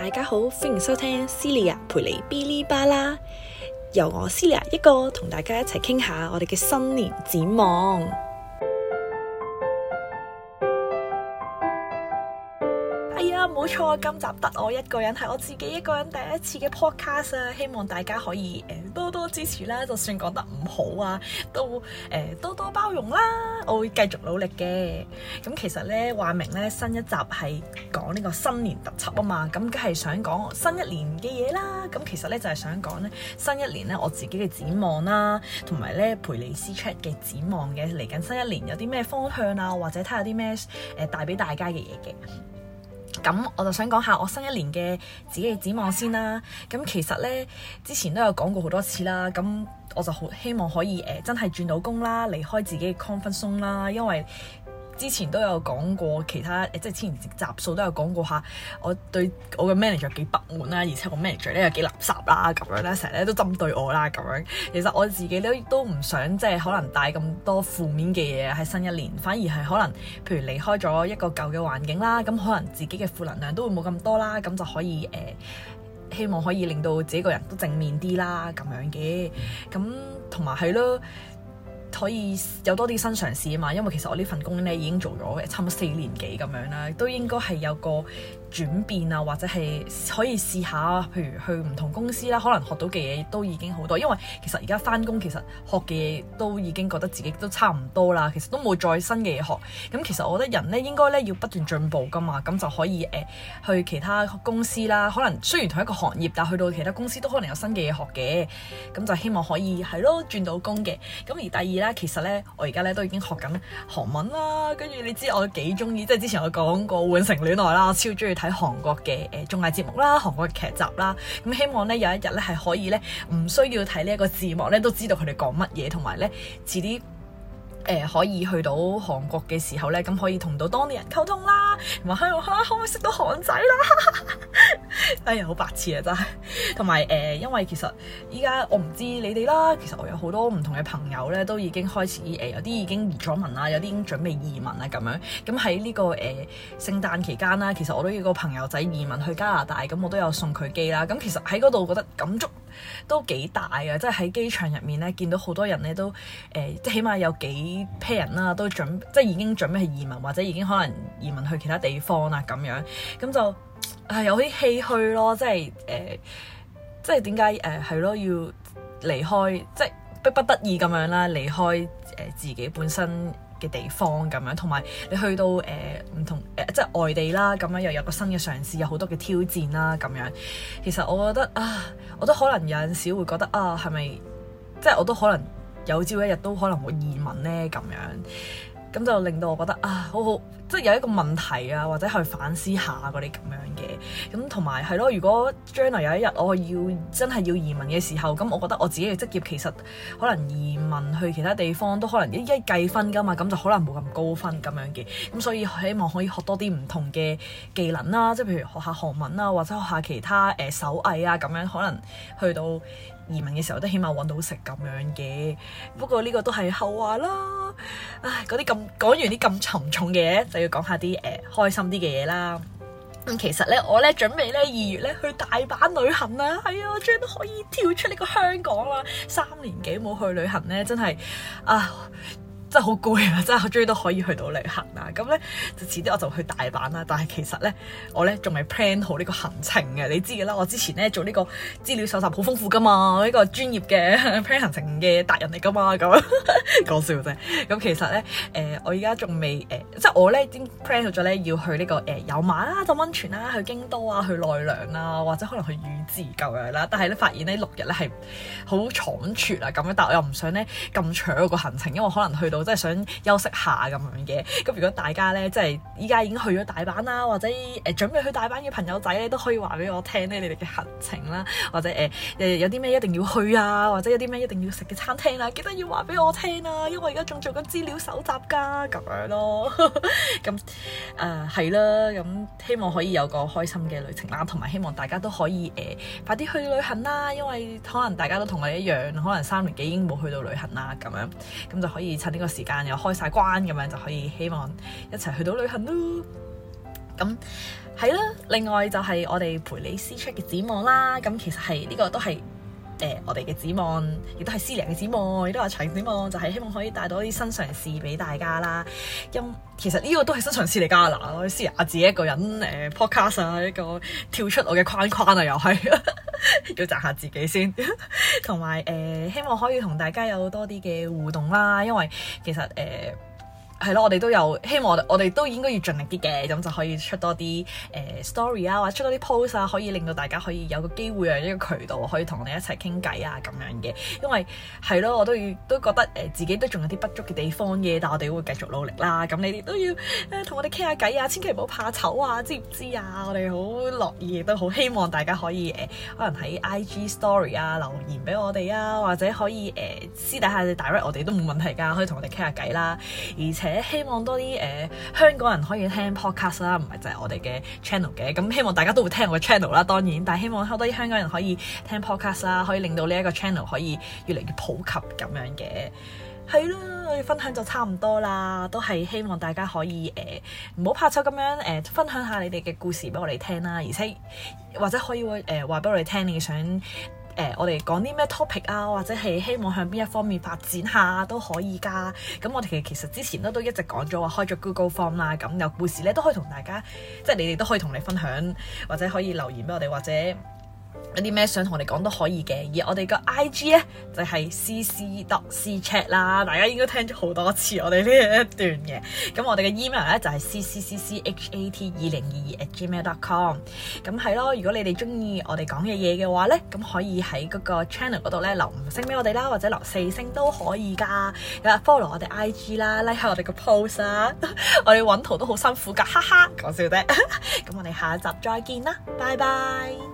大家好，歡迎收聽 Celia 陪你嗶哩吧啦，由我 Celia 一個同大家一齊傾下我哋嘅新年展望。冇錯，今集得我一個人，係我自己一個人第一次嘅 podcast 希望大家可以誒、呃、多多支持啦，就算講得唔好啊，都誒、呃、多多包容啦。我會繼續努力嘅。咁其實咧話明咧新一集係講呢個新年特輯啊嘛，咁梗係想講新一年嘅嘢啦。咁其實咧就係、是、想講咧新一年咧我自己嘅展望啦，同埋咧陪你 biliala 嘅展望嘅，嚟緊新一年有啲咩方向啊，或者睇下啲咩誒帶俾大家嘅嘢嘅。咁我就想講下我新一年嘅自己嘅展望先啦。咁其實呢，之前都有講過好多次啦。咁我就好希望可以誒、呃、真係轉到工啦，離開自己嘅 comfort zone 啦，因為，之前都有講過，其他即係之前集數都有講過下，我對我嘅 manager 幾不滿啦，而且我 manager 咧又幾垃圾啦咁樣咧，成日咧都針對我啦咁樣。其實我自己咧都唔想即係可能帶咁多負面嘅嘢喺新一年，反而係可能譬如離開咗一個舊嘅環境啦，咁可能自己嘅負能量都會冇咁多啦，咁就可以誒、呃，希望可以令到自己個人都正面啲啦咁樣嘅。咁同埋係咯。可以有多啲新嘗試啊嘛，因為其實我呢份工咧已經做咗差唔多四年幾咁樣啦，都應該係有個轉變啊，或者係可以試下，譬如去唔同公司啦，可能學到嘅嘢都已經好多，因為其實而家返工其實學嘅嘢都已經覺得自己都差唔多啦，其實都冇再新嘅嘢學。咁其實我覺得人呢應該呢要不斷進步㗎嘛，咁就可以誒、呃、去其他公司啦。可能雖然同一個行業，但去到其他公司都可能有新嘅嘢學嘅。咁就希望可以係咯轉到工嘅。咁而第二呢，其實呢我而家呢都已經學緊韓文啦，跟住你知我幾中意，即係之前我講過換乘戀愛啦，超中意。睇韓國嘅誒綜藝節目啦，韓國嘅劇集啦，咁希望咧有一日咧係可以咧唔需要睇呢一個字幕咧都知道佢哋講乜嘢，同埋咧遲啲誒可以去到韓國嘅時候咧，咁可以同到當地人溝通啦，同埋嚇可唔可以識到韓仔啦？哈哈。哎呀，好白痴啊，真 係。同埋誒，因為其實依家我唔知你哋啦。其實我有好多唔同嘅朋友咧，都已經開始誒、呃，有啲已經移咗民啦，有啲已經準備移民啊咁樣。咁喺呢個誒、呃、聖誕期間啦，其實我都有一個朋友仔移民去加拿大，咁我都有送佢機啦。咁、嗯、其實喺嗰度覺得感觸都幾大啊！即係喺機場入面咧，見到好多人咧都誒，即、呃、係起碼有幾 pair 人啦，都準即係已經準備去移民或者已經可能移民去其他地方啦咁樣，咁、嗯、就。係有啲唏虛咯，即係誒、呃，即係點解誒係咯，要離開，即係逼不得已咁樣啦，離開誒自己本身嘅地方咁樣，同埋你去到誒唔、呃、同誒、呃、即係外地啦，咁樣又有個新嘅嘗試，有好多嘅挑戰啦咁樣。其實我覺得啊，我都可能有陣時會覺得啊，係咪即係我都可能有朝一日都可能會移民咧咁樣。咁就令到我覺得啊，好好，即係有一個問題啊，或者去反思下嗰啲咁樣嘅。咁同埋係咯，如果將來有一日我要真係要移民嘅時候，咁我覺得我自己嘅職業其實可能移民去其他地方都可能一一計分㗎嘛，咁就可能冇咁高分咁樣嘅。咁所以希望可以學多啲唔同嘅技能啦、啊，即係譬如學下韓文啊，或者學下其他誒、呃、手藝啊咁樣，可能去到。移民嘅時候都起碼揾到食咁樣嘅，不過呢個都係後話啦。唉，嗰啲咁講完啲咁沉重嘅嘢，就要講下啲誒開心啲嘅嘢啦。咁，嗯，其實咧，我咧準備咧二月咧去大阪旅行啊，係啊，我終於都可以跳出呢個香港啦！三年幾冇去旅行咧，真係啊～，呃真係好攰啊！真係終於都可以去到旅行啦。咁咧就遲啲我就去大阪啦。但係其實咧我咧仲未 plan 好呢個行程嘅。你知嘅啦，我之前咧做呢個資料搜集好豐富㗎嘛，呢個專業嘅 plan 行程嘅達人嚟㗎嘛。咁講笑啫。咁其實咧誒、呃、我而家仲未誒，即係我咧已經 plan 好咗咧要去呢個誒、呃、有馬啦浸温泉啦，去京都啊，去奈良啦，或者可能去宇治咁樣啦。但係咧發現呢六日咧係好倉促啊咁樣，但我又唔想咧咁搶個行程，因為可能去到。我真係想休息下咁樣嘅，咁如果大家呢，即係依家已經去咗大阪啦，或者誒、呃、準備去大阪嘅朋友仔咧，都可以話俾我聽呢，你哋嘅行程啦，或者誒、呃、有啲咩一定要去啊，或者有啲咩一定要食嘅餐廳啊，記得要話俾我聽啊，因為而家仲做緊資料搜集㗎，咁樣咯，咁誒係啦，咁希望可以有個開心嘅旅程啦，同埋希望大家都可以誒、呃、快啲去旅行啦，因為可能大家都同我一樣，可能三年幾已經冇去到旅行啦，咁樣咁就可以趁呢個。時間又開晒關咁樣就可以，希望一齊去到旅行咯。咁係啦，另外就係我哋陪你私出嘅展望啦。咁其實係呢、呢個都係。誒、呃，我哋嘅展望亦都係思瑩嘅展望，亦都係齊嘅展望，就係、是、希望可以帶到一啲新嘗試俾大家啦。因其實呢個都係新嘗試嚟㗎啦，思瑩自己一個人誒、呃、Podcast 啊，一個跳出我嘅框框啊又，又 係要讚下自己先， 同埋誒希望可以同大家有多啲嘅互動啦，因為其實誒。呃係咯，我哋都有希望我，我哋都應該要盡力啲嘅，咁就可以出多啲誒、呃、story 啊，或者出多啲 post 啊，可以令到大家可以有個機會啊，呢個渠道可以同我哋一齊傾偈啊，咁樣嘅。因為係咯，我都要都覺得誒自己都仲有啲不足嘅地方嘅，但我哋會繼續努力啦。咁你哋都要誒同、呃、我哋傾下偈啊，千祈唔好怕醜啊，知唔知啊？我哋好樂意，亦都好希望大家可以誒、呃，可能喺 IG story 啊留言俾我哋啊，或者可以誒、呃、私底下 direct 我哋都冇問題㗎，可以同我哋傾下偈啦。而且，希望多啲誒、呃、香港人可以聽 podcast 啦、啊，唔係就係我哋嘅 channel 嘅咁，希望大家都會聽我 channel 啦。當然，但係希望好多啲香港人可以聽 podcast 啦、啊，可以令到呢一個 channel 可以越嚟越普及咁樣嘅係囉。我哋分享就差唔多啦，都係希望大家可以誒唔好怕醜咁樣誒分享下你哋嘅故事俾我哋聽啦，而且或者可以會誒話俾我哋聽你想。誒、呃，我哋講啲咩 topic 啊，或者係希望向邊一方面發展下都可以㗎。咁我哋其實之前咧都一直講咗話開咗 Google Form 啦，咁有故事咧都可以同大家，即係你哋都可以同你分享，或者可以留言俾我哋，或者。有啲咩想同我哋講都可以嘅，而我哋個 I G 咧就係、是、C C 得 C Chat 啦，大家應該聽咗好多次我哋呢一段嘅。咁我哋嘅 email 咧就係、是、C C C C H A T 二零二二 at Gmail dot com。咁係咯，如果你哋中意我哋講嘅嘢嘅話咧，咁可以喺嗰個 channel 嗰度咧留五星俾我哋啦，或者留四星都可以噶。有啊，follow 我哋 I G 啦，like 我哋個 post 啦， 我哋揾圖都好辛苦噶，哈哈，講笑啫。咁 我哋下一集再見啦，拜拜。